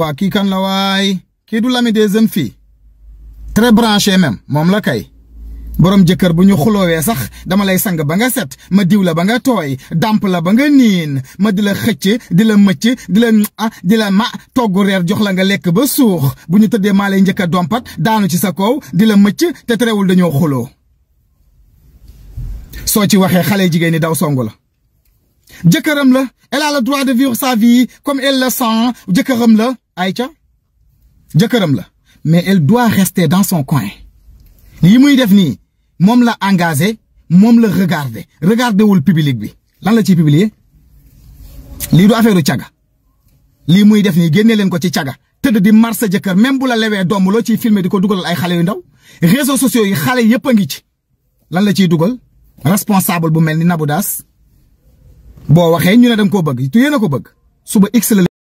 waa kii kan la waay kii du l'ami des jeunes filles très branché même moom la kay boroom jëkkër bu ñu xuloowee sax dama lay sang ba nga set ma diw la ba nga tooy dàmp la ba nga niin ma di la xëcc di la mëcc di la ah di la ma togg reer jox la nga lekk ba suux bu ñu tëddee maa lay njëkk a dompat daanu ci sa kaw di la mëcc te terewul dañoo xuloo soo ci waxee xale jigéen ñi daw songu la jëkkëram la elle a droit de vivre sa vie comme elle le sent jëkkëram la ay ca jëkkëram la mais elle doit rester dans son coin yi muy def nii moom la engagé moom la regardé regardé wul bi lan la ciy publier lii du affaire caga lii muy def nii génne leen ko ci caga tëdd di marsa jëkkër même bu la lewee doom loo ciy filmer di ko dugalal ay xale yu ndaw réseaux sociaux yi xale yëpp a ngi ci lan la ciy dugal responsable bu mel ni Nabou Daas boo waxee ñu ne da nga koo bëgg tu yéen a ko bëgg suba x la